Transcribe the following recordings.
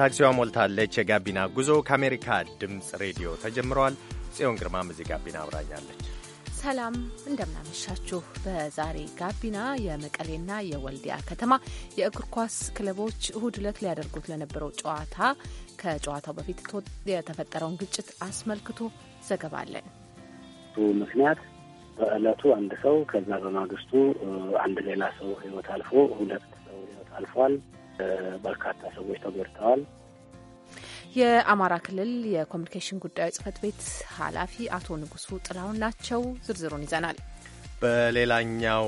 ታክሲዋ ሞልታለች። የጋቢና ጉዞ ከአሜሪካ ድምፅ ሬዲዮ ተጀምረዋል። ጽዮን ግርማም እዚህ ጋቢና አብራኛለች። ሰላም እንደምናመሻችሁ። በዛሬ ጋቢና የመቀሌና የወልዲያ ከተማ የእግር ኳስ ክለቦች እሁድ ዕለት ሊያደርጉት ለነበረው ጨዋታ ከጨዋታው በፊት የተፈጠረውን ግጭት አስመልክቶ ዘገባ አለን። ምክንያት በእለቱ አንድ ሰው ከዛ በማግስቱ አንድ ሌላ ሰው ህይወት አልፎ ሁለት ሰው ህይወት አልፏል። በርካታ ሰዎች ተጎድተዋል። የአማራ ክልል የኮሚኒኬሽን ጉዳዮች ጽህፈት ቤት ኃላፊ አቶ ንጉሱ ጥላሁን ናቸው። ዝርዝሩን ይዘናል። በሌላኛው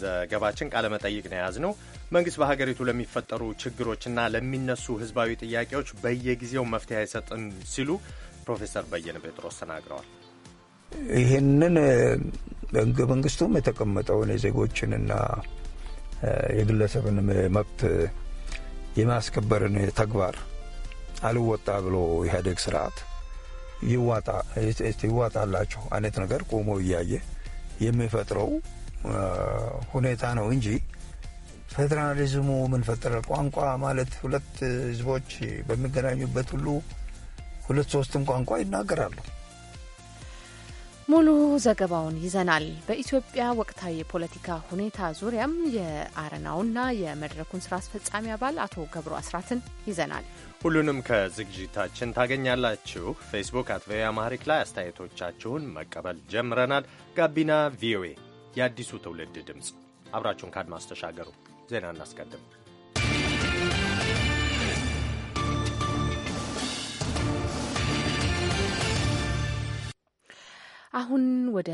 ዘገባችን ቃለ መጠይቅ ነው የያዝነው። መንግስት በሀገሪቱ ለሚፈጠሩ ችግሮችና ለሚነሱ ህዝባዊ ጥያቄዎች በየጊዜው መፍትሄ አይሰጥም ሲሉ ፕሮፌሰር በየነ ጴጥሮስ ተናግረዋል። ይህንን በህገ መንግስቱም የተቀመጠውን የዜጎችንና የግለሰብን መብት የማስከበርን ተግባር አልወጣ ብሎ ኢህአዴግ ስርዓት ይዋጣላቸው አይነት ነገር ቆሞ እያየ የሚፈጥረው ሁኔታ ነው እንጂ ፌዴራሊዝሙ ምን ፈጠረ? ቋንቋ ማለት ሁለት ህዝቦች በሚገናኙበት ሁሉ ሁለት ሶስትም ቋንቋ ይናገራሉ። ሙሉ ዘገባውን ይዘናል። በኢትዮጵያ ወቅታዊ የፖለቲካ ሁኔታ ዙሪያም የአረናውና የመድረኩን ስራ አስፈጻሚ አባል አቶ ገብሩ አስራትን ይዘናል። ሁሉንም ከዝግጅታችን ታገኛላችሁ። ፌስቡክ አት ቪኦኤ አማሪክ ላይ አስተያየቶቻችሁን መቀበል ጀምረናል። ጋቢና ቪኦኤ የአዲሱ ትውልድ ድምፅ፣ አብራችሁን ካድማስ ተሻገሩ። ዜና እናስቀድም። አሁን ወደ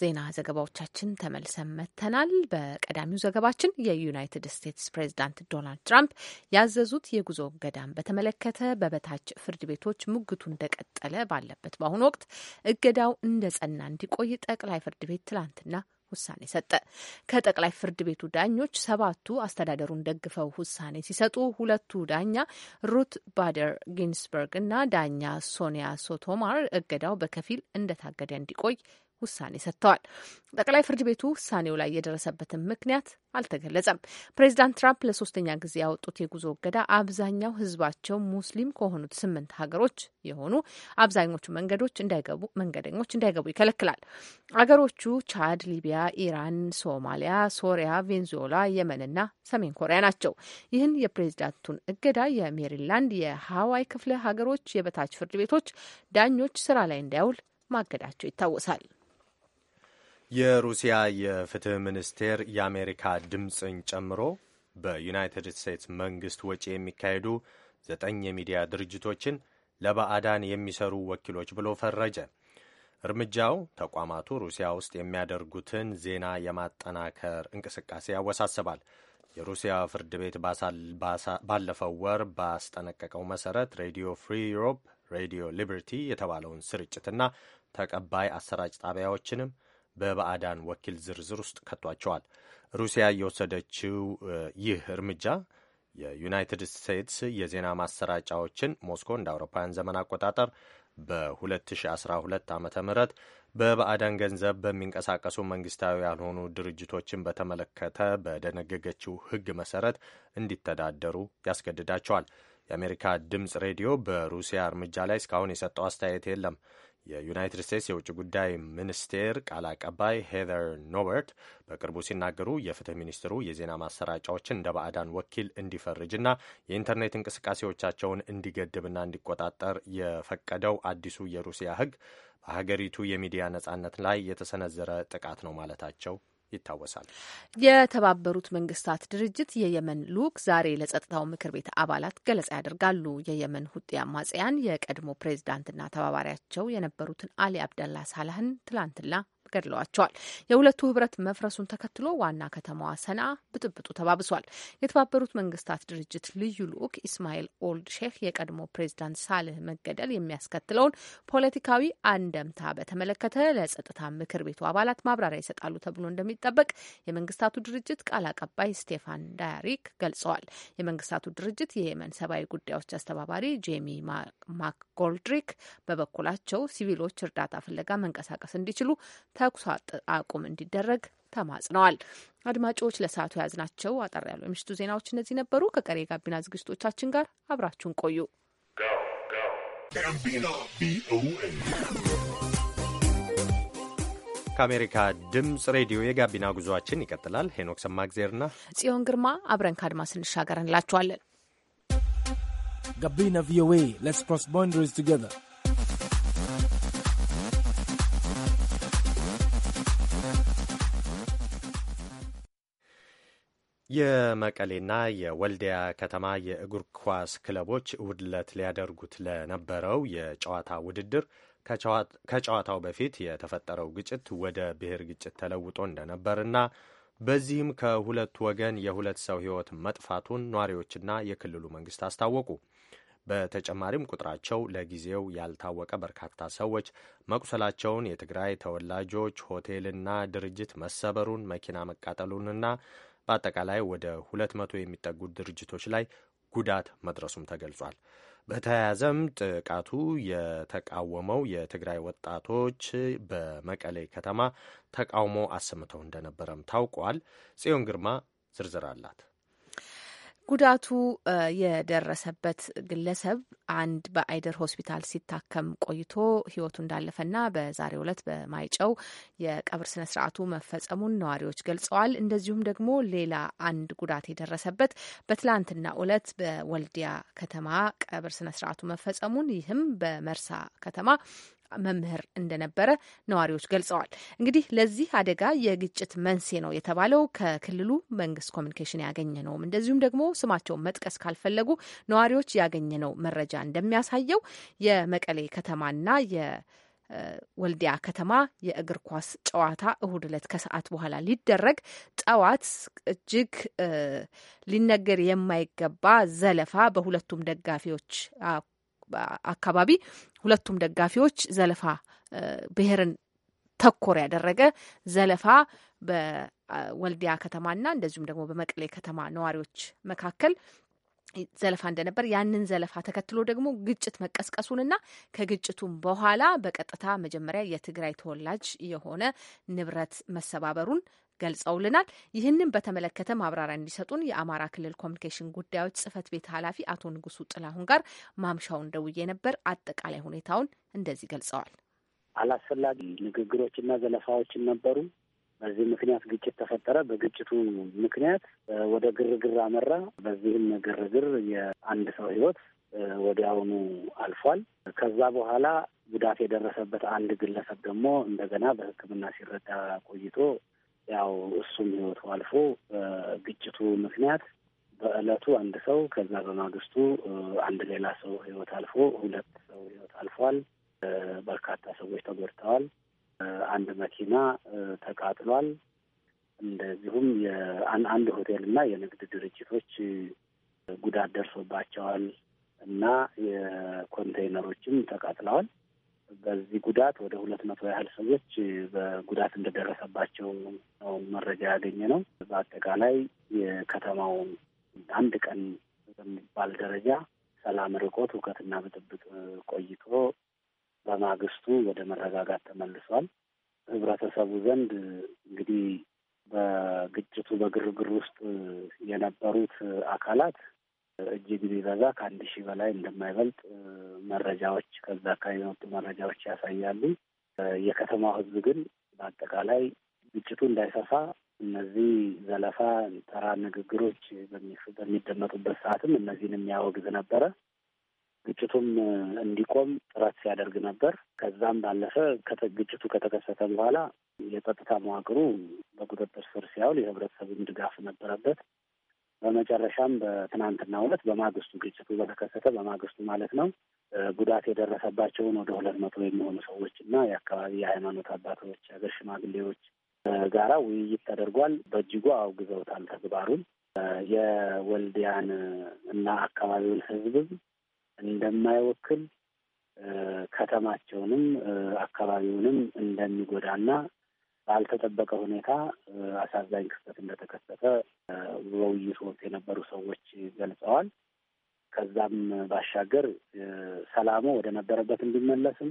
ዜና ዘገባዎቻችን ተመልሰን መጥተናል። በቀዳሚው ዘገባችን የዩናይትድ ስቴትስ ፕሬዚዳንት ዶናልድ ትራምፕ ያዘዙት የጉዞ እገዳን በተመለከተ በበታች ፍርድ ቤቶች ሙግቱ እንደቀጠለ ባለበት በአሁኑ ወቅት እገዳው እንደጸና እንዲቆይ ጠቅላይ ፍርድ ቤት ትላንትና ውሳኔ ሰጠ። ከጠቅላይ ፍርድ ቤቱ ዳኞች ሰባቱ አስተዳደሩን ደግፈው ውሳኔ ሲሰጡ ሁለቱ ዳኛ ሩት ባደር ጊንስበርግ እና ዳኛ ሶኒያ ሶቶማር እገዳው በከፊል እንደታገደ እንዲቆይ ውሳኔ ሰጥተዋል። ጠቅላይ ፍርድ ቤቱ ውሳኔው ላይ የደረሰበትን ምክንያት አልተገለጸም። ፕሬዚዳንት ትራምፕ ለሶስተኛ ጊዜ ያወጡት የጉዞ እገዳ አብዛኛው ህዝባቸው ሙስሊም ከሆኑት ስምንት ሀገሮች የሆኑ አብዛኞቹ መንገዶች እንዳይገቡ መንገደኞች እንዳይገቡ ይከለክላል። አገሮቹ ቻድ፣ ሊቢያ፣ ኢራን፣ ሶማሊያ፣ ሶሪያ፣ ቬንዙዌላ፣ የመንና ሰሜን ኮሪያ ናቸው። ይህን የፕሬዚዳንቱን እገዳ የሜሪላንድ የሀዋይ ክፍለ ሀገሮች የበታች ፍርድ ቤቶች ዳኞች ስራ ላይ እንዳያውል ማገዳቸው ይታወሳል። የሩሲያ የፍትህ ሚኒስቴር የአሜሪካ ድምፅን ጨምሮ በዩናይትድ ስቴትስ መንግስት ወጪ የሚካሄዱ ዘጠኝ የሚዲያ ድርጅቶችን ለባዕዳን የሚሰሩ ወኪሎች ብሎ ፈረጀ። እርምጃው ተቋማቱ ሩሲያ ውስጥ የሚያደርጉትን ዜና የማጠናከር እንቅስቃሴ ያወሳስባል። የሩሲያ ፍርድ ቤት ባለፈው ወር ባስጠነቀቀው መሰረት ሬዲዮ ፍሪ ዩሮፕ፣ ሬዲዮ ሊበርቲ የተባለውን ስርጭትና ተቀባይ አሰራጭ ጣቢያዎችንም በባዕዳን ወኪል ዝርዝር ውስጥ ከቷቸዋል። ሩሲያ የወሰደችው ይህ እርምጃ የዩናይትድ ስቴትስ የዜና ማሰራጫዎችን ሞስኮ እንደ አውሮፓውያን ዘመን አቆጣጠር በ2012 ዓ ም በባዕዳን ገንዘብ በሚንቀሳቀሱ መንግስታዊ ያልሆኑ ድርጅቶችን በተመለከተ በደነገገችው ሕግ መሰረት እንዲተዳደሩ ያስገድዳቸዋል። የአሜሪካ ድምፅ ሬዲዮ በሩሲያ እርምጃ ላይ እስካሁን የሰጠው አስተያየት የለም። የዩናይትድ ስቴትስ የውጭ ጉዳይ ሚኒስቴር ቃል አቀባይ ሄዘር ኖበርት በቅርቡ ሲናገሩ የፍትህ ሚኒስትሩ የዜና ማሰራጫዎችን እንደ ባዕዳን ወኪል እንዲፈርጅና የኢንተርኔት እንቅስቃሴዎቻቸውን እንዲገድብና እንዲቆጣጠር የፈቀደው አዲሱ የሩሲያ ህግ በሀገሪቱ የሚዲያ ነጻነት ላይ የተሰነዘረ ጥቃት ነው ማለታቸው ይታወሳል። የተባበሩት መንግስታት ድርጅት የየመን ልዑክ ዛሬ ለጸጥታው ምክር ቤት አባላት ገለጻ ያደርጋሉ። የየመን ሁጤ አማጽያን የቀድሞ ፕሬዚዳንትና ተባባሪያቸው የነበሩትን አሊ አብደላ ሳላህን ትላንትና ገድለዋቸዋል። የሁለቱ ህብረት መፍረሱን ተከትሎ ዋና ከተማዋ ሰንዓ ብጥብጡ ተባብሷል። የተባበሩት መንግስታት ድርጅት ልዩ ልዑክ ኢስማኤል ኦልድ ሼህ የቀድሞ ፕሬዚዳንት ሳልህ መገደል የሚያስከትለውን ፖለቲካዊ አንደምታ በተመለከተ ለጸጥታ ምክር ቤቱ አባላት ማብራሪያ ይሰጣሉ ተብሎ እንደሚጠበቅ የመንግስታቱ ድርጅት ቃል አቀባይ ስቴፋን ዳያሪክ ገልጸዋል። የመንግስታቱ ድርጅት የየመን ሰብአዊ ጉዳዮች አስተባባሪ ጄሚ ማክጎልድሪክ በበኩላቸው ሲቪሎች እርዳታ ፍለጋ መንቀሳቀስ እንዲችሉ ተ ተኩስ አቁም እንዲደረግ ተማጽነዋል። አድማጮች ለሰዓቱ የያዝናቸው አጠር ያሉ የምሽቱ ዜናዎች እነዚህ ነበሩ። ከቀሪ የጋቢና ዝግጅቶቻችን ጋር አብራችሁን ቆዩ። ከአሜሪካ ድምፅ ሬዲዮ የጋቢና ጉዞአችን ይቀጥላል። ሄኖክ ሰማግዜርና ጽዮን ግርማ አብረን ከአድማስ ስንሻገር እንላችኋለን። ጋቢና ቪኦኤ ሌትስ ክሮስ ባውንደሪስ ቱጌዘር የመቀሌና የወልዲያ ከተማ የእግር ኳስ ክለቦች ውድለት ሊያደርጉት ለነበረው የጨዋታ ውድድር ከጨዋታው በፊት የተፈጠረው ግጭት ወደ ብሔር ግጭት ተለውጦ እንደነበርና በዚህም ከሁለቱ ወገን የሁለት ሰው ሕይወት መጥፋቱን ነዋሪዎችና የክልሉ መንግስት አስታወቁ። በተጨማሪም ቁጥራቸው ለጊዜው ያልታወቀ በርካታ ሰዎች መቁሰላቸውን፣ የትግራይ ተወላጆች ሆቴልና ድርጅት መሰበሩን፣ መኪና መቃጠሉንና በአጠቃላይ ወደ 200 የሚጠጉ ድርጅቶች ላይ ጉዳት መድረሱም ተገልጿል። በተያያዘም ጥቃቱ የተቃወመው የትግራይ ወጣቶች በመቀሌ ከተማ ተቃውሞ አሰምተው እንደነበረም ታውቋል። ጽዮን ግርማ ዝርዝር አላት። ጉዳቱ የደረሰበት ግለሰብ አንድ በአይደር ሆስፒታል ሲታከም ቆይቶ እንዳለፈ እንዳለፈና በዛሬ ዕለት በማይጨው የቀብር ስነ ስርዓቱ መፈጸሙን ነዋሪዎች ገልጸዋል። እንደዚሁም ደግሞ ሌላ አንድ ጉዳት የደረሰበት በትላንትና ዕለት በወልዲያ ከተማ ቀብር ስነ ስርዓቱ መፈጸሙን ይህም በመርሳ ከተማ መምህር እንደነበረ ነዋሪዎች ገልጸዋል። እንግዲህ ለዚህ አደጋ የግጭት መንስኤ ነው የተባለው ከክልሉ መንግስት ኮሚኒኬሽን ያገኘ ነውም እንደዚሁም ደግሞ ስማቸውን መጥቀስ ካልፈለጉ ነዋሪዎች ያገኘ ነው መረጃ እንደሚያሳየው የመቀሌ ከተማና ወልዲያ ከተማ የእግር ኳስ ጨዋታ እሁድ ዕለት ከሰዓት በኋላ ሊደረግ ጠዋት እጅግ ሊነገር የማይገባ ዘለፋ በሁለቱም ደጋፊዎች አካባቢ ሁለቱም ደጋፊዎች ዘለፋ ብሔርን ተኮር ያደረገ ዘለፋ በወልዲያ ከተማና እንደዚሁም ደግሞ በመቀሌ ከተማ ነዋሪዎች መካከል ዘለፋ እንደነበር ያንን ዘለፋ ተከትሎ ደግሞ ግጭት መቀስቀሱንና ከግጭቱም በኋላ በቀጥታ መጀመሪያ የትግራይ ተወላጅ የሆነ ንብረት መሰባበሩን ገልጸውልናል። ይህንን በተመለከተ ማብራሪያ እንዲሰጡን የአማራ ክልል ኮሚኒኬሽን ጉዳዮች ጽህፈት ቤት ኃላፊ አቶ ንጉሱ ጥላሁን ጋር ማምሻውን ደውዬ ነበር። አጠቃላይ ሁኔታውን እንደዚህ ገልጸዋል። አላስፈላጊ ንግግሮችና ዘለፋዎችን ነበሩ። በዚህ ምክንያት ግጭት ተፈጠረ። በግጭቱ ምክንያት ወደ ግርግር አመራ። በዚህም ግርግር የአንድ ሰው ህይወት ወዲያውኑ አልፏል። ከዛ በኋላ ጉዳት የደረሰበት አንድ ግለሰብ ደግሞ እንደገና በሕክምና ሲረዳ ቆይቶ ያው እሱም ህይወቱ አልፎ በግጭቱ ምክንያት በእለቱ አንድ ሰው ከዛ በማግስቱ አንድ ሌላ ሰው ህይወት አልፎ ሁለት ሰው ህይወት አልፏል። በርካታ ሰዎች ተጎድተዋል። አንድ መኪና ተቃጥሏል። እንደዚሁም አንድ ሆቴል እና የንግድ ድርጅቶች ጉዳት ደርሶባቸዋል እና የኮንቴይነሮችም ተቃጥለዋል። በዚህ ጉዳት ወደ ሁለት መቶ ያህል ሰዎች በጉዳት እንደደረሰባቸው ነው መረጃ ያገኘ ነው። በአጠቃላይ የከተማው አንድ ቀን በሚባል ደረጃ ሰላም ርቆት እውቀትና ብጥብጥ ቆይቶ በማግስቱ ወደ መረጋጋት ተመልሷል። ህብረተሰቡ ዘንድ እንግዲህ በግጭቱ በግርግር ውስጥ የነበሩት አካላት እጅግ ቢበዛ ከአንድ ሺህ በላይ እንደማይበልጥ መረጃዎች ከዛ አካባቢ የመጡ መረጃዎች ያሳያሉ። የከተማው ህዝብ ግን በአጠቃላይ ግጭቱ እንዳይሰፋ እነዚህ ዘለፋ፣ ተራ ንግግሮች በሚደመጡበት ሰዓትም እነዚህን የሚያወግዝ ነበረ። ግጭቱም እንዲቆም ጥረት ሲያደርግ ነበር። ከዛም ባለፈ ግጭቱ ከተከሰተ በኋላ የጸጥታ መዋቅሩ በቁጥጥር ስር ሲያውል የህብረተሰቡን ድጋፍ ነበረበት። በመጨረሻም በትናንትናው ዕለት በማግስቱ ግጭቱ በተከሰተ በማግስቱ ማለት ነው ጉዳት የደረሰባቸውን ወደ ሁለት መቶ የሚሆኑ ሰዎች እና የአካባቢ የሃይማኖት አባቶች፣ ሀገር ሽማግሌዎች ጋራ ውይይት ተደርጓል። በእጅጉ አውግዘውታል ተግባሩን። የወልዲያን እና አካባቢውን ህዝብም እንደማይወክል ከተማቸውንም አካባቢውንም እንደሚጎዳና ባልተጠበቀ ሁኔታ አሳዛኝ ክስተት እንደተከሰተ በውይይቱ ወቅት የነበሩ ሰዎች ገልጸዋል። ከዛም ባሻገር ሰላሙ ወደ ነበረበት እንዲመለስም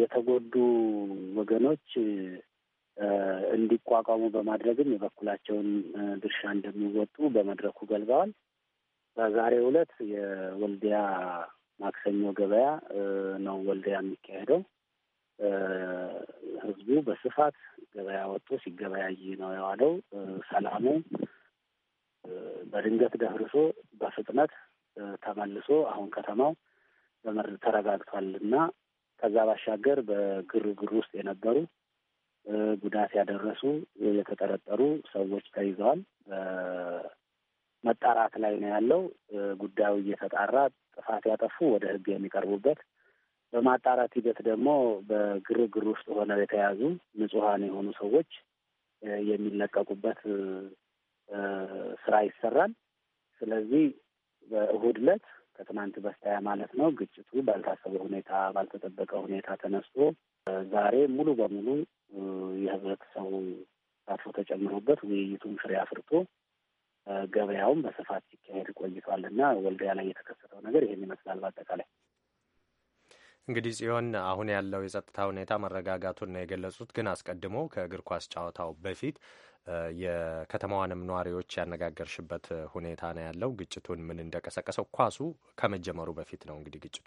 የተጎዱ ወገኖች እንዲቋቋሙ በማድረግም የበኩላቸውን ድርሻ እንደሚወጡ በመድረኩ ገልጸዋል። በዛሬው ዕለት የወልዲያ ማክሰኞ ገበያ ነው ወልዲያ የሚካሄደው። ህዝቡ በስፋት ገበያ ወጥቶ ሲገበያይ ነው የዋለው። ሰላሙ በድንገት ደፍርሶ በፍጥነት ተመልሶ አሁን ከተማው ተረጋግቷል እና ከዛ ባሻገር በግርግር ውስጥ የነበሩ ጉዳት ያደረሱ የተጠረጠሩ ሰዎች ተይዘዋል። መጣራት ላይ ነው ያለው ጉዳዩ እየተጣራ ጥፋት ያጠፉ ወደ ህግ የሚቀርቡበት በማጣራት ሂደት ደግሞ በግርግር ውስጥ ሆነው የተያዙ ንጹሀን የሆኑ ሰዎች የሚለቀቁበት ስራ ይሰራል። ስለዚህ በእሁድ ዕለት ከትናንት በስቲያ ማለት ነው ግጭቱ ባልታሰበ ሁኔታ ባልተጠበቀ ሁኔታ ተነስቶ ዛሬ ሙሉ በሙሉ የህብረተሰቡ ተሳትፎ ተጨምሮበት ውይይቱም ፍሬ አፍርቶ ገበያውም በስፋት ሲካሄድ ቆይቷል እና ወልዲያ ላይ የተከሰተው ነገር ይህን ይመስላል በአጠቃላይ። እንግዲህ ጽዮን፣ አሁን ያለው የጸጥታ ሁኔታ መረጋጋቱን ነው የገለጹት። ግን አስቀድሞ ከእግር ኳስ ጨዋታው በፊት የከተማዋንም ነዋሪዎች ያነጋገርሽበት ሁኔታ ነው ያለው። ግጭቱን ምን እንደቀሰቀሰው ኳሱ ከመጀመሩ በፊት ነው እንግዲህ ግጭቱ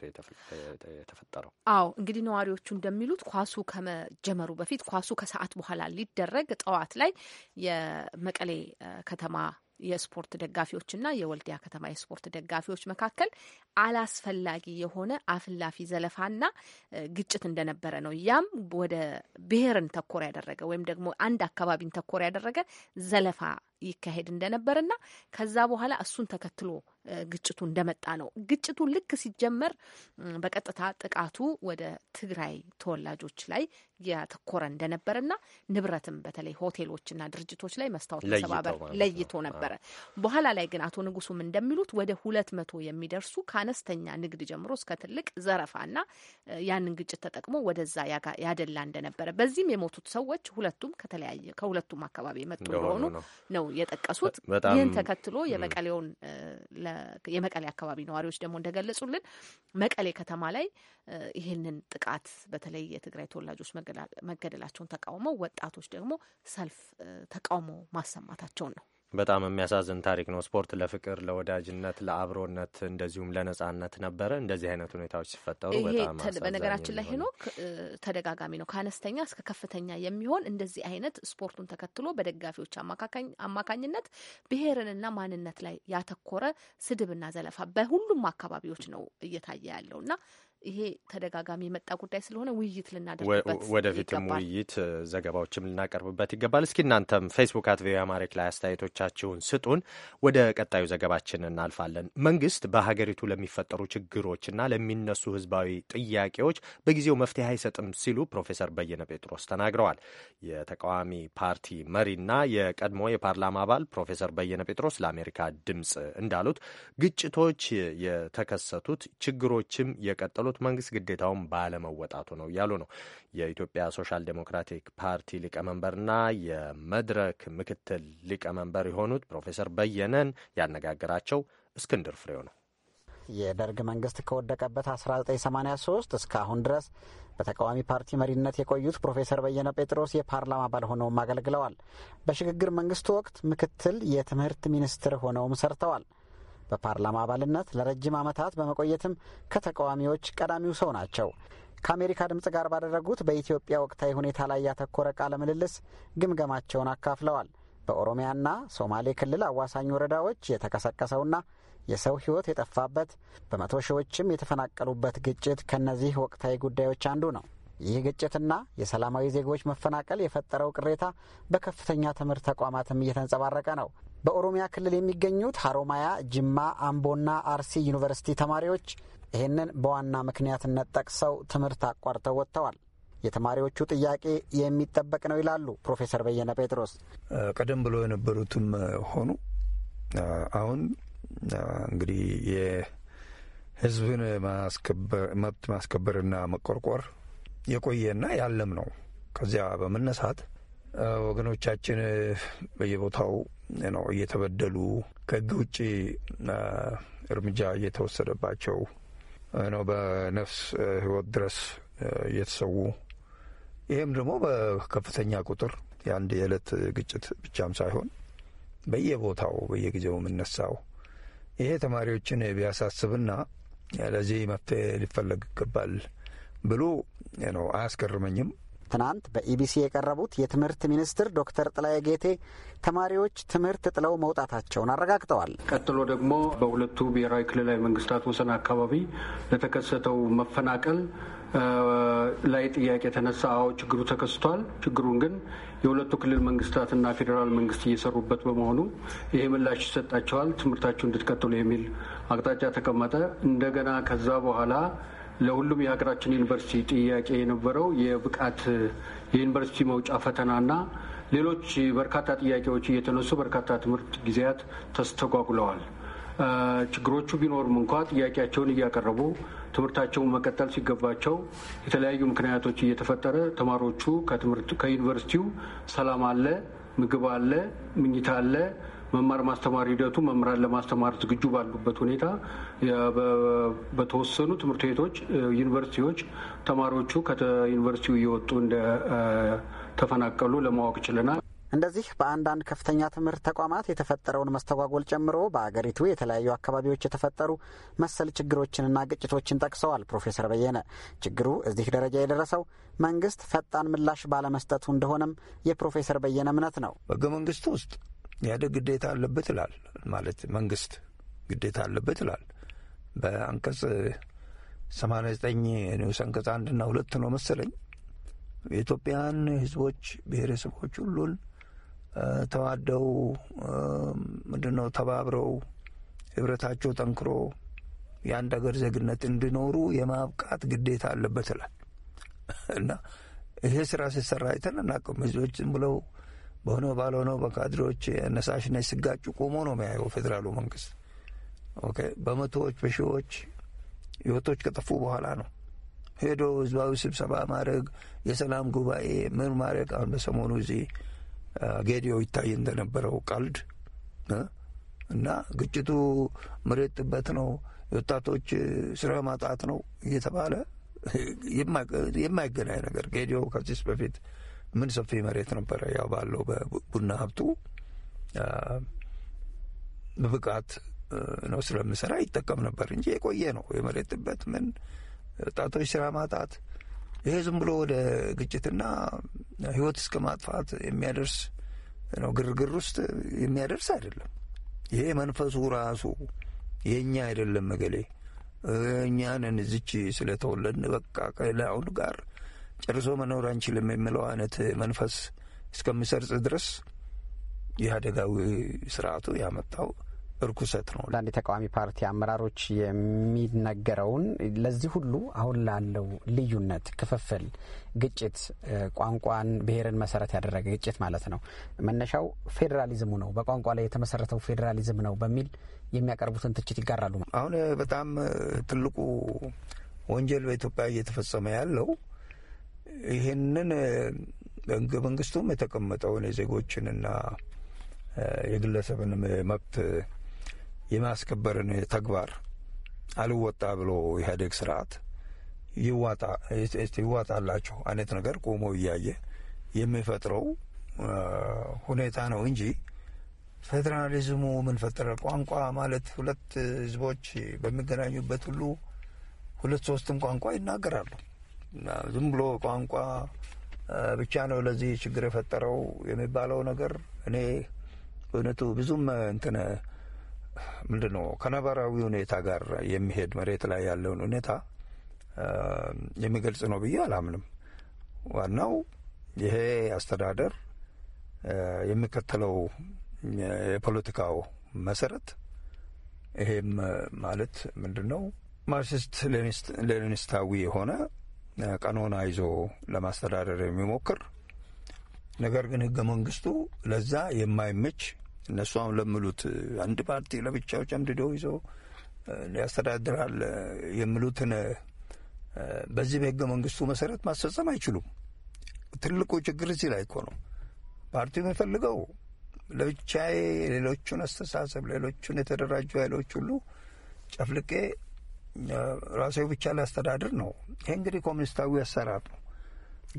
የተፈጠረው። አዎ እንግዲህ ነዋሪዎቹ እንደሚሉት ኳሱ ከመጀመሩ በፊት ኳሱ ከሰዓት በኋላ ሊደረግ ጠዋት ላይ የመቀሌ ከተማ የስፖርት ደጋፊዎችና የወልዲያ ከተማ የስፖርት ደጋፊዎች መካከል አላስፈላጊ የሆነ አፍላፊ ዘለፋና ግጭት እንደነበረ ነው። ያም ወደ ብሔርን ተኮር ያደረገ ወይም ደግሞ አንድ አካባቢን ተኮር ያደረገ ዘለፋ ይካሄድ እንደነበርና ከዛ በኋላ እሱን ተከትሎ ግጭቱ እንደመጣ ነው። ግጭቱ ልክ ሲጀመር በቀጥታ ጥቃቱ ወደ ትግራይ ተወላጆች ላይ ያተኮረ እንደነበርና ንብረትም በተለይ ሆቴሎችና ድርጅቶች ላይ መስታወት መሰባበር ለይቶ ነበረ። በኋላ ላይ ግን አቶ ንጉሱም እንደሚሉት ወደ ሁለት መቶ የሚደርሱ ከአነስተኛ ንግድ ጀምሮ እስከ ትልቅ ዘረፋና ያንን ግጭት ተጠቅሞ ወደዛ ያደላ እንደነበረ በዚህም የሞቱት ሰዎች ሁለቱም ከተለያየ ከሁለቱም አካባቢ የመጡ እንደሆኑ ነው የጠቀሱት። ይህን ተከትሎ የመቀሌውን የመቀሌ አካባቢ ነዋሪዎች ደግሞ እንደገለጹልን መቀሌ ከተማ ላይ ይህንን ጥቃት በተለይ የትግራይ ተወላጆች መገደላቸውን ተቃውመው ወጣቶች ደግሞ ሰልፍ ተቃውሞ ማሰማታቸውን ነው በጣም የሚያሳዝን ታሪክ ነው። ስፖርት ለፍቅር፣ ለወዳጅነት፣ ለአብሮነት እንደዚሁም ለነጻነት ነበረ። እንደዚህ አይነት ሁኔታዎች ሲፈጠሩ በጣም በነገራችን ላይ ሄኖክ ተደጋጋሚ ነው። ከአነስተኛ እስከ ከፍተኛ የሚሆን እንደዚህ አይነት ስፖርቱን ተከትሎ በደጋፊዎች አማካኝነት ብሔርንና ማንነት ላይ ያተኮረ ስድብና ዘለፋ በሁሉም አካባቢዎች ነው እየታየ ያለው እና ይሄ ተደጋጋሚ የመጣ ጉዳይ ስለሆነ ውይይት ልናደርግበት ወደፊትም ውይይት ዘገባዎችም ልናቀርብበት ይገባል። እስኪ እናንተም ፌስቡክ አት ቪኦኤ አማሪክ ላይ አስተያየቶቻችሁን ስጡን። ወደ ቀጣዩ ዘገባችን እናልፋለን። መንግስት በሀገሪቱ ለሚፈጠሩ ችግሮችና ለሚነሱ ህዝባዊ ጥያቄዎች በጊዜው መፍትሄ አይሰጥም ሲሉ ፕሮፌሰር በየነ ጴጥሮስ ተናግረዋል። የተቃዋሚ ፓርቲ መሪና የቀድሞ የፓርላማ አባል ፕሮፌሰር በየነ ጴጥሮስ ለአሜሪካ ድምፅ እንዳሉት ግጭቶች የተከሰቱት ችግሮችም የቀጠሉ የጣሉት መንግስት ግዴታውን ባለመወጣቱ ነው እያሉ ነው የኢትዮጵያ ሶሻል ዴሞክራቲክ ፓርቲ ሊቀመንበርና የመድረክ ምክትል ሊቀመንበር የሆኑት ፕሮፌሰር በየነን ያነጋገራቸው እስክንድር ፍሬው ነው። የደርግ መንግስት ከወደቀበት 1983 እስካሁን ድረስ በተቃዋሚ ፓርቲ መሪነት የቆዩት ፕሮፌሰር በየነ ጴጥሮስ የፓርላማ አባል ሆነውም አገልግለዋል። በሽግግር መንግስቱ ወቅት ምክትል የትምህርት ሚኒስትር ሆነውም ሰርተዋል። በፓርላማ አባልነት ለረጅም ዓመታት በመቆየትም ከተቃዋሚዎች ቀዳሚው ሰው ናቸው። ከአሜሪካ ድምፅ ጋር ባደረጉት በኢትዮጵያ ወቅታዊ ሁኔታ ላይ ያተኮረ ቃለ ምልልስ ግምገማቸውን አካፍለዋል። በኦሮሚያና ሶማሌ ክልል አዋሳኝ ወረዳዎች የተቀሰቀሰውና የሰው ሕይወት የጠፋበት በመቶ ሺዎችም የተፈናቀሉበት ግጭት ከእነዚህ ወቅታዊ ጉዳዮች አንዱ ነው። ይህ ግጭትና የሰላማዊ ዜጎች መፈናቀል የፈጠረው ቅሬታ በከፍተኛ ትምህርት ተቋማትም እየተንጸባረቀ ነው። በኦሮሚያ ክልል የሚገኙት ሀሮማያ፣ ጅማ፣ አምቦና አርሲ ዩኒቨርሲቲ ተማሪዎች ይህንን በዋና ምክንያትነት ጠቅሰው ትምህርት አቋርተው ወጥተዋል። የተማሪዎቹ ጥያቄ የሚጠበቅ ነው ይላሉ ፕሮፌሰር በየነ ጴጥሮስ። ቀደም ብሎ የነበሩትም ሆኑ አሁን እንግዲህ የህዝብን መብት ማስከበርና መቆርቆር የቆየና ያለም ነው። ከዚያ በመነሳት ወገኖቻችን በየቦታው ነው እየተበደሉ ከህግ ውጭ እርምጃ እየተወሰደባቸው ነው። በነፍስ ህይወት ድረስ እየተሰዉ ይህም ደግሞ በከፍተኛ ቁጥር የአንድ የዕለት ግጭት ብቻም ሳይሆን በየቦታው በየጊዜው የምነሳው ይሄ ተማሪዎችን ቢያሳስብና ለዚህ መፍትሄ ሊፈለግ ይገባል ብሎ ነው አያስገርመኝም። ትናንት በኢቢሲ የቀረቡት የትምህርት ሚኒስትር ዶክተር ጥላዬ ጌቴ ተማሪዎች ትምህርት ጥለው መውጣታቸውን አረጋግጠዋል። ቀጥሎ ደግሞ በሁለቱ ብሔራዊ ክልላዊ መንግስታት ወሰን አካባቢ ለተከሰተው መፈናቀል ላይ ጥያቄ የተነሳ አዎ ችግሩ ተከስቷል። ችግሩን ግን የሁለቱ ክልል መንግስታትና ፌዴራል መንግስት እየሰሩበት በመሆኑ ይሄ ምላሽ ይሰጣቸዋል፣ ትምህርታቸው እንድትቀጥሉ የሚል አቅጣጫ ተቀመጠ። እንደገና ከዛ በኋላ ለሁሉም የሀገራችን ዩኒቨርሲቲ ጥያቄ የነበረው የብቃት የዩኒቨርሲቲ መውጫ ፈተናና ሌሎች በርካታ ጥያቄዎች እየተነሱ በርካታ ትምህርት ጊዜያት ተስተጓጉለዋል። ችግሮቹ ቢኖሩም እንኳ ጥያቄያቸውን እያቀረቡ ትምህርታቸውን መቀጠል ሲገባቸው የተለያዩ ምክንያቶች እየተፈጠረ ተማሪዎቹ ከዩኒቨርሲቲው ሰላም አለ፣ ምግብ አለ፣ ምኝታ አለ፣ መማር ማስተማር ሂደቱ መምህራን ለማስተማር ዝግጁ ባሉበት ሁኔታ በተወሰኑ ትምህርት ቤቶች፣ ዩኒቨርሲቲዎች ተማሪዎቹ ከዩኒቨርሲቲው እየወጡ እንደተፈናቀሉ ለማወቅ ችለናል። እንደዚህ በአንዳንድ ከፍተኛ ትምህርት ተቋማት የተፈጠረውን መስተጓጎል ጨምሮ በአገሪቱ የተለያዩ አካባቢዎች የተፈጠሩ መሰል ችግሮችንና ግጭቶችን ጠቅሰዋል ፕሮፌሰር በየነ። ችግሩ እዚህ ደረጃ የደረሰው መንግስት ፈጣን ምላሽ ባለመስጠቱ እንደሆነም የፕሮፌሰር በየነ እምነት ነው። በህገ መንግስቱ ውስጥ ኢህአዴግ ግዴታ አለበት ይላል። ማለት መንግስት ግዴታ አለበት ይላል። በአንቀጽ 89 ንዑስ አንቀጽ አንድና ሁለት ነው መሰለኝ የኢትዮጵያን ህዝቦች ብሔረሰቦች ሁሉን ተዋደው ነው ተባብረው ህብረታቸው ጠንክሮ የአንድ ሀገር ዜግነት እንዲኖሩ የማብቃት ግዴታ አለበት ላል እና ይሄ ስራ ሲሰራ አይተን እናቅም። ህዝቦች ዝም ብለው በሆነ ባልሆነው በካድሬዎች ነሳሽነት ሲጋጩ ቆሞ ነው የሚያየው ፌዴራሉ መንግስት። በመቶዎች በሺዎች ህይወቶች ከጠፉ በኋላ ነው ሄዶ ህዝባዊ ስብሰባ ማድረግ የሰላም ጉባኤ ምን ማድረግ አሁን በሰሞኑ እዚህ ጌዲዮ ይታይ እንደነበረው ቀልድ እና ግጭቱ መሬት ጥበት ነው፣ የወጣቶች ስራ ማጣት ነው እየተባለ የማይገናኝ ነገር። ጌዲዮ ከዚስ በፊት ምን ሰፊ መሬት ነበረ? ያው ባለው በቡና ሀብቱ በብቃት ነው ስለምሰራ ይጠቀም ነበር እንጂ የቆየ ነው። የመሬት ጥበት ምን ወጣቶች ስራ ማጣት ይሄ ዝም ብሎ ወደ ግጭትና ህይወት እስከ ማጥፋት የሚያደርስ ነው፣ ግርግር ውስጥ የሚያደርስ አይደለም። ይሄ መንፈሱ ራሱ የእኛ አይደለም። መገሌ እኛንን እዚች ስለተወለድን በቃ ከላሁን ጋር ጨርሶ መኖር አንችልም የሚለው አይነት መንፈስ እስከምሰርጽ ድረስ የአደጋዊ ስርዓቱ ያመጣው እርኩሰት ነው። ለአንድ የተቃዋሚ ፓርቲ አመራሮች የሚነገረውን ለዚህ ሁሉ አሁን ላለው ልዩነት፣ ክፍፍል፣ ግጭት፣ ቋንቋን፣ ብሔርን መሰረት ያደረገ ግጭት ማለት ነው መነሻው ፌዴራሊዝሙ ነው፣ በቋንቋ ላይ የተመሰረተው ፌዴራሊዝም ነው በሚል የሚያቀርቡትን ትችት ይጋራሉ። አሁን በጣም ትልቁ ወንጀል በኢትዮጵያ እየተፈጸመ ያለው ይህንን በህገ መንግስቱም የተቀመጠውን የዜጎችንና የግለሰብን መብት የማስከበርን ተግባር አልወጣ ብሎ ኢህአዴግ ስርዓት ይዋጣላችሁ አይነት ነገር ቆሞ እያየ የሚፈጥረው ሁኔታ ነው እንጂ ፌዴራሊዝሙ ምን ፈጠረ? ቋንቋ ማለት ሁለት ህዝቦች በሚገናኙበት ሁሉ ሁለት ሶስትም ቋንቋ ይናገራሉ። ዝም ብሎ ቋንቋ ብቻ ነው ለዚህ ችግር የፈጠረው የሚባለው ነገር እኔ በእውነቱ ብዙም እንትን ምንድን ነው ከነባራዊ ሁኔታ ጋር የሚሄድ መሬት ላይ ያለውን ሁኔታ የሚገልጽ ነው ብዬ አላምንም። ዋናው ይሄ አስተዳደር የሚከተለው የፖለቲካው መሰረት ይሄም ማለት ምንድን ነው ማርክሲስት ሌኒኒስታዊ የሆነ ቀኖና ይዞ ለማስተዳደር የሚሞክር ነገር ግን ህገ መንግስቱ ለዛ የማይመች እነሱ አሁን ለምሉት አንድ ፓርቲ ለብቻው ጨምድዶ ይዞ ያስተዳድራል የምሉትን በዚህ በህገ መንግስቱ መሰረት ማስፈጸም አይችሉም። ትልቁ ችግር እዚህ ላይ እኮ ነው። ፓርቲው የሚፈልገው ለብቻዬ ሌሎቹን አስተሳሰብ፣ ሌሎቹን የተደራጁ ኃይሎች ሁሉ ጨፍልቄ ራሴው ብቻ ላስተዳድር ነው። ይሄ እንግዲህ ኮሚኒስታዊ አሰራር ነው።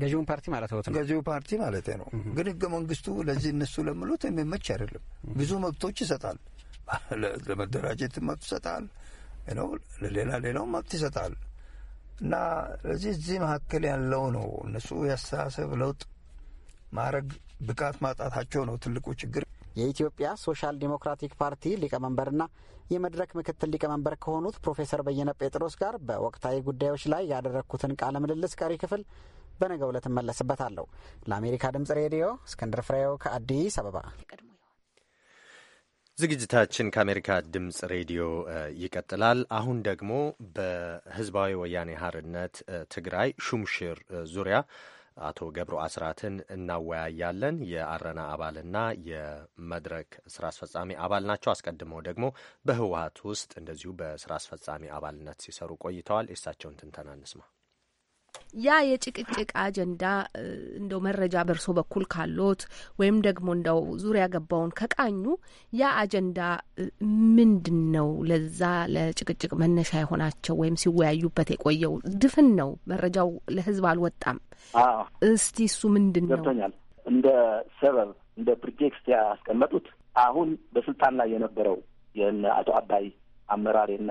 ገዢውን ፓርቲ ማለት ነው። ገዢው ፓርቲ ማለት ነው። ግን ህገ መንግስቱ ለዚህ እነሱ ለምሉት የሚመች አይደለም። ብዙ መብቶች ይሰጣል። ለመደራጀት መብት ይሰጣል ነው ለሌላ ሌላው መብት ይሰጣል። እና ለዚህ እዚህ መካከል ያለው ነው እነሱ የአስተሳሰብ ለውጥ ማድረግ ብቃት ማጣታቸው ነው ትልቁ ችግር። የኢትዮጵያ ሶሻል ዲሞክራቲክ ፓርቲ ሊቀመንበርና የመድረክ ምክትል ሊቀመንበር ከሆኑት ፕሮፌሰር በየነ ጴጥሮስ ጋር በወቅታዊ ጉዳዮች ላይ ያደረግኩትን ቃለ ምልልስ ቀሪ ክፍል በነገ ዕለት እመለስበታለሁ። ለአሜሪካ ድምጽ ሬዲዮ እስክንድር ፍሬው ከአዲስ አበባ። ዝግጅታችን ከአሜሪካ ድምፅ ሬዲዮ ይቀጥላል። አሁን ደግሞ በህዝባዊ ወያኔ ሀርነት ትግራይ ሹምሽር ዙሪያ አቶ ገብሩ አስራትን እናወያያለን። የአረና አባልና የመድረክ ስራ አስፈጻሚ አባል ናቸው። አስቀድመው ደግሞ በህወሀት ውስጥ እንደዚሁ በስራ አስፈጻሚ አባልነት ሲሰሩ ቆይተዋል። የእሳቸውን ትንተና እንስማ። ያ የጭቅጭቅ አጀንዳ እንደው መረጃ በእርሶ በኩል ካሎት ወይም ደግሞ እንደው ዙሪያ ገባውን ከቃኙ ያ አጀንዳ ምንድን ነው? ለዛ ለጭቅጭቅ መነሻ የሆናቸው ወይም ሲወያዩበት የቆየው ድፍን ነው፣ መረጃው ለህዝብ አልወጣም። እስቲ እሱ ምንድን ነው? ገብቶኛል። እንደ ሰበብ እንደ ፕሪቴክስት ያስቀመጡት አሁን በስልጣን ላይ የነበረው የነ አቶ አባይ አመራር የእነ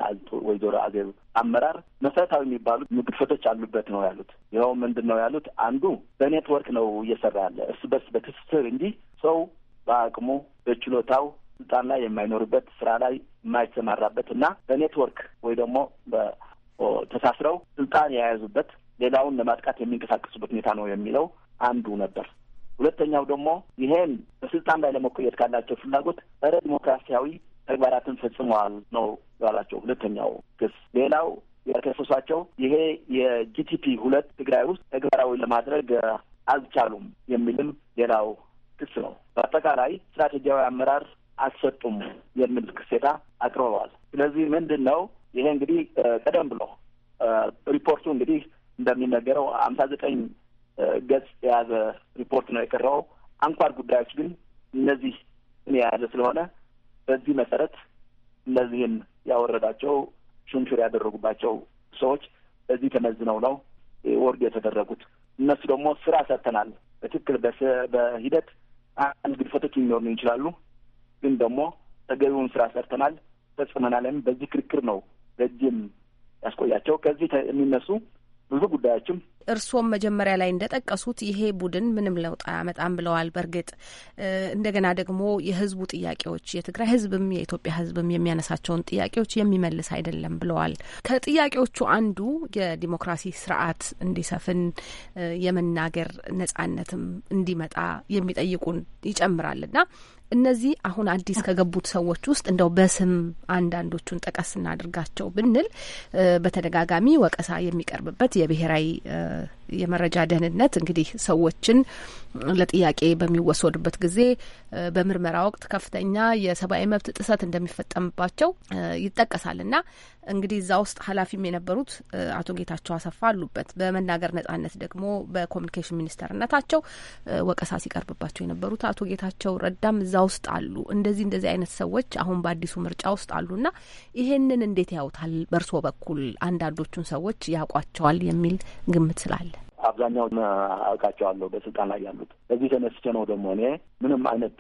ወይዘሮ አዜብ አመራር መሰረታዊ የሚባሉት ግድፈቶች አሉበት ነው ያሉት። ይኸው ምንድን ነው ያሉት? አንዱ በኔትወርክ ነው እየሰራ ያለ እርስ በርስ በትስስር እንጂ ሰው በአቅሙ በችሎታው ስልጣን ላይ የማይኖርበት ስራ ላይ የማይሰማራበት እና በኔትወርክ ወይ ደግሞ ተሳስረው ስልጣን የያዙበት ሌላውን ለማጥቃት የሚንቀሳቀሱበት ሁኔታ ነው የሚለው አንዱ ነበር። ሁለተኛው ደግሞ ይሄን በስልጣን ላይ ለመቆየት ካላቸው ፍላጎት ረ ዲሞክራሲያዊ ተግባራትን ፈጽመዋል ነው ያላቸው። ሁለተኛው ክስ ሌላው የከሰሷቸው ይሄ የጂቲፒ ሁለት ትግራይ ውስጥ ተግባራዊ ለማድረግ አልቻሉም የሚልም ሌላው ክስ ነው። በአጠቃላይ ስትራቴጂያዊ አመራር አልሰጡም የሚል ክሴታ አቅርበዋል። ስለዚህ ምንድን ነው ይሄ እንግዲህ ቀደም ብሎ ሪፖርቱ እንግዲህ እንደሚነገረው አምሳ ዘጠኝ ገጽ የያዘ ሪፖርት ነው የቀረበው። አንኳር ጉዳዮች ግን እነዚህ የያዘ ስለሆነ በዚህ መሰረት እነዚህን ያወረዳቸው ሹምሹር ያደረጉባቸው ሰዎች በዚህ ተመዝነው ነው ወርድ የተደረጉት። እነሱ ደግሞ ስራ ሰጥተናል። በትክክል በሂደት አንድ ግድፈቶች የሚኖሩ ይችላሉ፣ ግን ደግሞ ተገቢውን ስራ ሰርተናል ፈጽመናል። በዚህ ክርክር ነው ረጅም ያስቆያቸው። ከዚህ የሚነሱ ብዙ ጉዳዮችም እርስዎም መጀመሪያ ላይ እንደጠቀሱት ይሄ ቡድን ምንም ለውጥ አያመጣም ብለዋል። በእርግጥ እንደገና ደግሞ የህዝቡ ጥያቄዎች የትግራይ ህዝብም የኢትዮጵያ ህዝብም የሚያነሳቸውን ጥያቄዎች የሚመልስ አይደለም ብለዋል። ከጥያቄዎቹ አንዱ የዲሞክራሲ ስርዓት እንዲሰፍን፣ የመናገር ነጻነትም እንዲመጣ የሚጠይቁን ይጨምራልና እነዚህ አሁን አዲስ ከገቡት ሰዎች ውስጥ እንደው በስም አንዳንዶቹን ጠቀስ እናድርጋቸው ብንል በተደጋጋሚ ወቀሳ የሚቀርብበት የብሔራዊ uh, የመረጃ ደህንነት እንግዲህ ሰዎችን ለጥያቄ በሚወሰዱበት ጊዜ በምርመራ ወቅት ከፍተኛ የሰብአዊ መብት ጥሰት እንደሚፈጠምባቸው ይጠቀሳል እና እንግዲህ እዛ ውስጥ ኃላፊም የነበሩት አቶ ጌታቸው አሰፋ አሉበት። በመናገር ነጻነት ደግሞ በኮሚኒኬሽን ሚኒስተርነታቸው ወቀሳ ሲቀርብባቸው የነበሩት አቶ ጌታቸው ረዳም እዛ ውስጥ አሉ። እንደዚህ እንደዚህ አይነት ሰዎች አሁን በአዲሱ ምርጫ ውስጥ አሉና ይሄንን እንዴት ያውታል? በእርስዎ በኩል አንዳንዶቹን ሰዎች ያውቋቸዋል የሚል ግምት ስላለ አብዛኛው አውቃቸዋለሁ በስልጣን ላይ ያሉት። በዚህ ተነስቼ ነው ደግሞ እኔ ምንም አይነት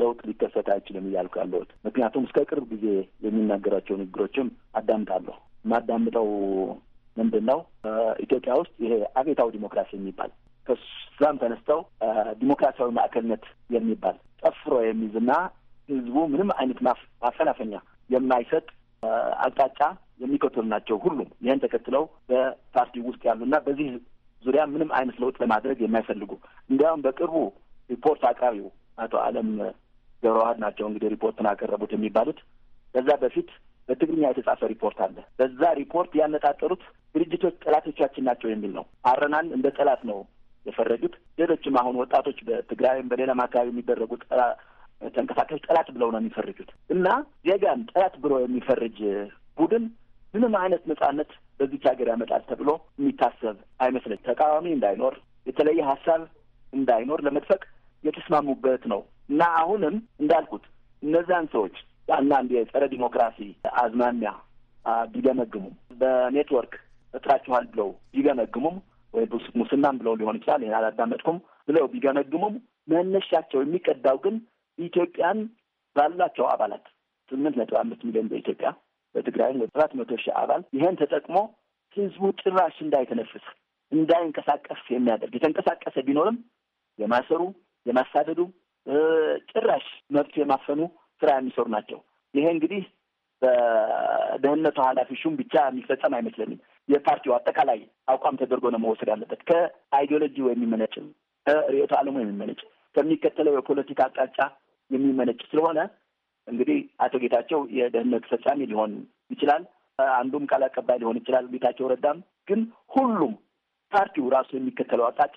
ለውጥ ሊከሰት አይችልም እያልኩ ያለሁት። ምክንያቱም እስከ ቅርብ ጊዜ የሚናገራቸው ንግግሮችም አዳምጣለሁ። የማዳምጠው ምንድን ነው ኢትዮጵያ ውስጥ ይሄ አቤታዊ ዲሞክራሲ የሚባል ከዛም ተነስተው ዲሞክራሲያዊ ማዕከልነት የሚባል ጠፍሮ የሚይዝና ህዝቡ ምንም አይነት ማፈናፈኛ የማይሰጥ አቅጣጫ የሚከተሉ ናቸው። ሁሉም ይህን ተከትለው በፓርቲ ውስጥ ያሉና በዚህ ዙሪያ ምንም አይነት ለውጥ ለማድረግ የማይፈልጉ እንዲያውም በቅርቡ ሪፖርት አቅራቢው አቶ አለም ገብረዋህድ ናቸው እንግዲህ ሪፖርትን አቀረቡት የሚባሉት ከዛ በፊት በትግርኛ የተጻፈ ሪፖርት አለ። በዛ ሪፖርት ያነጣጠሩት ድርጅቶች ጠላቶቻችን ናቸው የሚል ነው። አረናን እንደ ጠላት ነው የፈረጁት። ሌሎችም አሁን ወጣቶች በትግራይም በሌላም አካባቢ የሚደረጉ ተንቀሳቃሾች ጠላት ብለው ነው የሚፈርጁት እና ዜጋን ጠላት ብሎ የሚፈርጅ ቡድን ምንም አይነት ነጻነት በዚች ሀገር ያመጣል ተብሎ የሚታሰብ አይመስለኝ። ተቃዋሚ እንዳይኖር የተለየ ሀሳብ እንዳይኖር ለመጥፈቅ የተስማሙበት ነው እና አሁንም እንዳልኩት እነዛን ሰዎች አንዳንድ የጸረ ዲሞክራሲ አዝማሚያ ቢገመግሙም በኔትወርክ እጥራችኋል ብለው ቢገመግሙም ወይ ሙስናም ብለው ሊሆን ይችላል፣ ይህን አላዳመጥኩም ብለው ቢገመግሙም መነሻቸው የሚቀዳው ግን ኢትዮጵያን ባላቸው አባላት ስምንት ነጥብ አምስት ሚሊዮን በኢትዮጵያ በትግራይም ሰባት መቶ ሺህ አባል ይህን ተጠቅሞ ህዝቡ ጭራሽ እንዳይተነፍስ እንዳይንቀሳቀስ የሚያደርግ የተንቀሳቀሰ ቢኖርም የማሰሩ የማሳደዱ ጭራሽ መብት የማፈኑ ስራ የሚሰሩ ናቸው። ይሄ እንግዲህ በደህንነቱ ኃላፊ ሹም ብቻ የሚፈጸም አይመስለንም። የፓርቲው አጠቃላይ አቋም ተደርጎ ነው መወሰድ ያለበት። ከአይዲዮሎጂው የሚመነጭ ከርዕዮተ ዓለሙ የሚመነጭ ከሚከተለው የፖለቲካ አቅጣጫ የሚመነጭ ስለሆነ እንግዲህ አቶ ጌታቸው የደህንነት ፈጻሚ ሊሆን ይችላል። አንዱም ቃል አቀባይ ሊሆን ይችላል። ጌታቸው ረዳም ግን ሁሉም ፓርቲው ራሱ የሚከተለው አቅጣጫ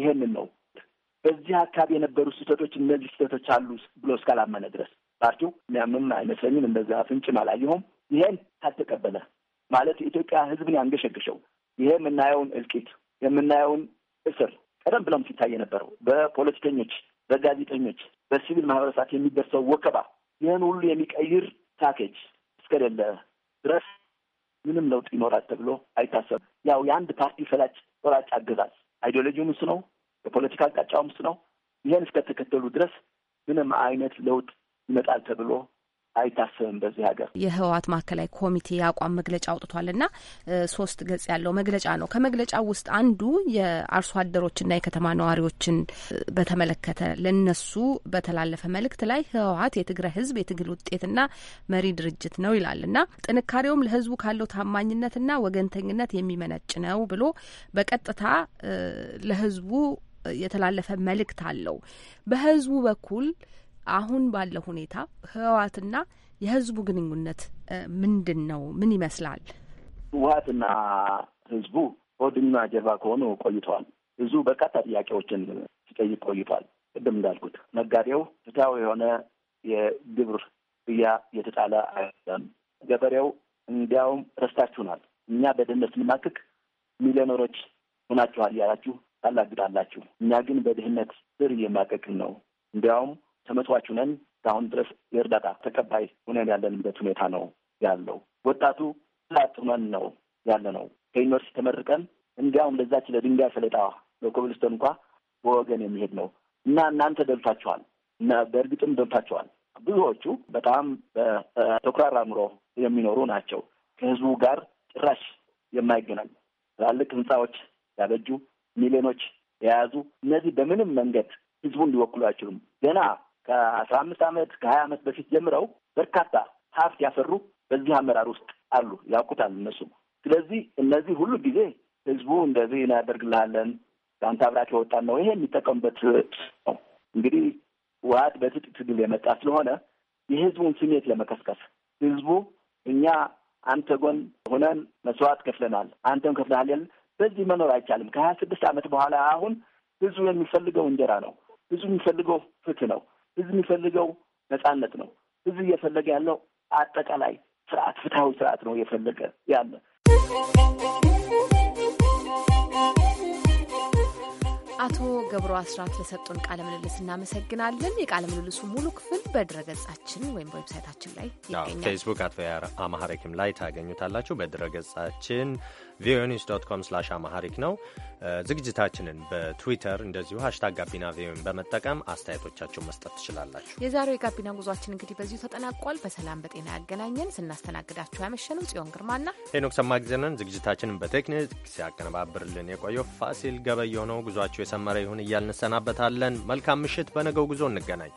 ይሄንን ነው። በዚህ አካባቢ የነበሩ ስህተቶች እነዚህ ስህተቶች አሉ ብሎ እስካላመነ ድረስ ፓርቲው ምንም አይመስለኝም። እንደዛ ፍንጭም አላየሁም። ይሄን ካልተቀበለ ማለት የኢትዮጵያ ሕዝብን ያንገሸግሸው ይሄ የምናየውን እልቂት የምናየውን እስር ቀደም ብለም ሲታይ የነበረው በፖለቲከኞች፣ በጋዜጠኞች፣ በሲቪል ማህበረሰብ የሚደርሰው ወከባ ይህን ሁሉ የሚቀይር ፓኬጅ እስከሌለ ድረስ ምንም ለውጥ ይኖራል ተብሎ አይታሰብም። ያው የአንድ ፓርቲ ፈላጭ ቆራጭ አገዛዝ አይዲዮሎጂውም እሱ ነው፣ የፖለቲካ አቅጣጫውም እሱ ነው። ይህን እስከተከተሉ ድረስ ምንም አይነት ለውጥ ይመጣል ተብሎ አይታሰብም በዚህ ሀገር። የህወሓት ማዕከላዊ ኮሚቴ የአቋም መግለጫ አውጥቷልና ሶስት ገጽ ያለው መግለጫ ነው። ከመግለጫው ውስጥ አንዱ የአርሶ አደሮችና የከተማ ነዋሪዎችን በተመለከተ ለነሱ በተላለፈ መልእክት ላይ ህወሓት የትግራይ ህዝብ የትግል ውጤትና መሪ ድርጅት ነው ይላልና ጥንካሬውም ለህዝቡ ካለው ታማኝነትና ወገንተኝነት የሚመነጭ ነው ብሎ በቀጥታ ለህዝቡ የተላለፈ መልእክት አለው። በህዝቡ በኩል አሁን ባለው ሁኔታ ህወሓትና የህዝቡ ግንኙነት ምንድን ነው? ምን ይመስላል? ህወሓትና ህዝቡ ሆድና ጀርባ ከሆኑ ቆይተዋል። ብዙ በርካታ ጥያቄዎችን ሲጠይቅ ቆይቷል። ቅድም እንዳልኩት ነጋዴው ፍትሃዊ የሆነ የግብር ብያ የተጣለ አይደለም። ገበሬው እንዲያውም ረስታችሁናል፣ እኛ በድህነት ስንማቅቅ ሚሊዮነሮች ሆናችኋል እያላችሁ ታላግጣላችሁ፣ እኛ ግን በድህነት ስር እየማቀቅን ነው። እንዲያውም ተመጽዋች ነን እስካሁን ድረስ የእርዳታ ተቀባይ ሆነን ያለንበት ሁኔታ ነው ያለው። ወጣቱ ላጥመን ነው ያለ ነው። ከዩኒቨርሲቲ ተመርቀን እንዲያውም ለዛች ለድንጋይ ሰለጣ በኮብልስቶን እንኳ በወገን የሚሄድ ነው እና እናንተ ደብታችኋል እና በእርግጥም ደብታችኋል። ብዙዎቹ በጣም በተኩራራ ኑሮ የሚኖሩ ናቸው። ከህዝቡ ጋር ጭራሽ የማይገናኝ ትላልቅ ህንፃዎች ያበጁ ሚሊዮኖች የያዙ እነዚህ በምንም መንገድ ህዝቡ እንዲወክሉ አይችሉም። ገና ከአስራ አምስት ዓመት ከሀያ ዓመት በፊት ጀምረው በርካታ ሀብት ያፈሩ በዚህ አመራር ውስጥ አሉ፣ ያውቁታል እነሱ። ስለዚህ እነዚህ ሁሉ ጊዜ ህዝቡ እንደዚህ እናደርግልሃለን ከአንተ አብራክ የወጣን ነው ይሄ የሚጠቀሙበት ነው። እንግዲህ ውሀት በትጥቅ ትግል የመጣ ስለሆነ የህዝቡን ስሜት ለመቀስቀስ ህዝቡ እኛ አንተ ጎን ሆነን መስዋዕት ከፍለናል፣ አንተም ከፍለሃል በዚህ መኖር አይቻልም። ከሀያ ስድስት ዓመት በኋላ አሁን ህዝቡ የሚፈልገው እንጀራ ነው። ህዝቡ የሚፈልገው ፍትህ ነው። ህዝብ የሚፈልገው ነጻነት ነው። ህዝብ እየፈለገ ያለው አጠቃላይ ስርዓት፣ ፍትሐዊ ስርዓት ነው እየፈለገ ያለ። አቶ ገብሩ አስራት ለሰጡን ቃለ ምልልስ እናመሰግናለን። የቃለ ምልልሱ ሙሉ ክፍል በድረ ገጻችን ወይም በዌብሳይታችን ላይ ይገኛል። ፌስቡክ አቶ አማሐረኪም ላይ ታገኙታላችሁ። ገጻችን ቪኦኤ ኒውስ ዶት ኮም ስላሽ አማሃሪክ ነው። ዝግጅታችንን በትዊተር እንደዚሁ ሀሽታግ ጋቢና ቪኦኤን በመጠቀም አስተያየቶቻችሁን መስጠት ትችላላችሁ። የዛሬው የጋቢና ጉዟችን እንግዲህ በዚሁ ተጠናቋል። በሰላም በጤና ያገናኘን። ስናስተናግዳችሁ ያመሸነው ጽዮን ግርማና ሄኖክ ሰማግዘነን። ዝግጅታችንን በቴክኒክ ሲያቀነባብርልን የቆየው ፋሲል ገበየው ነው። ጉዟችሁ የሰመረ ይሁን እያልን እንሰናበታለን። መልካም ምሽት። በነገው ጉዞ እንገናኝ።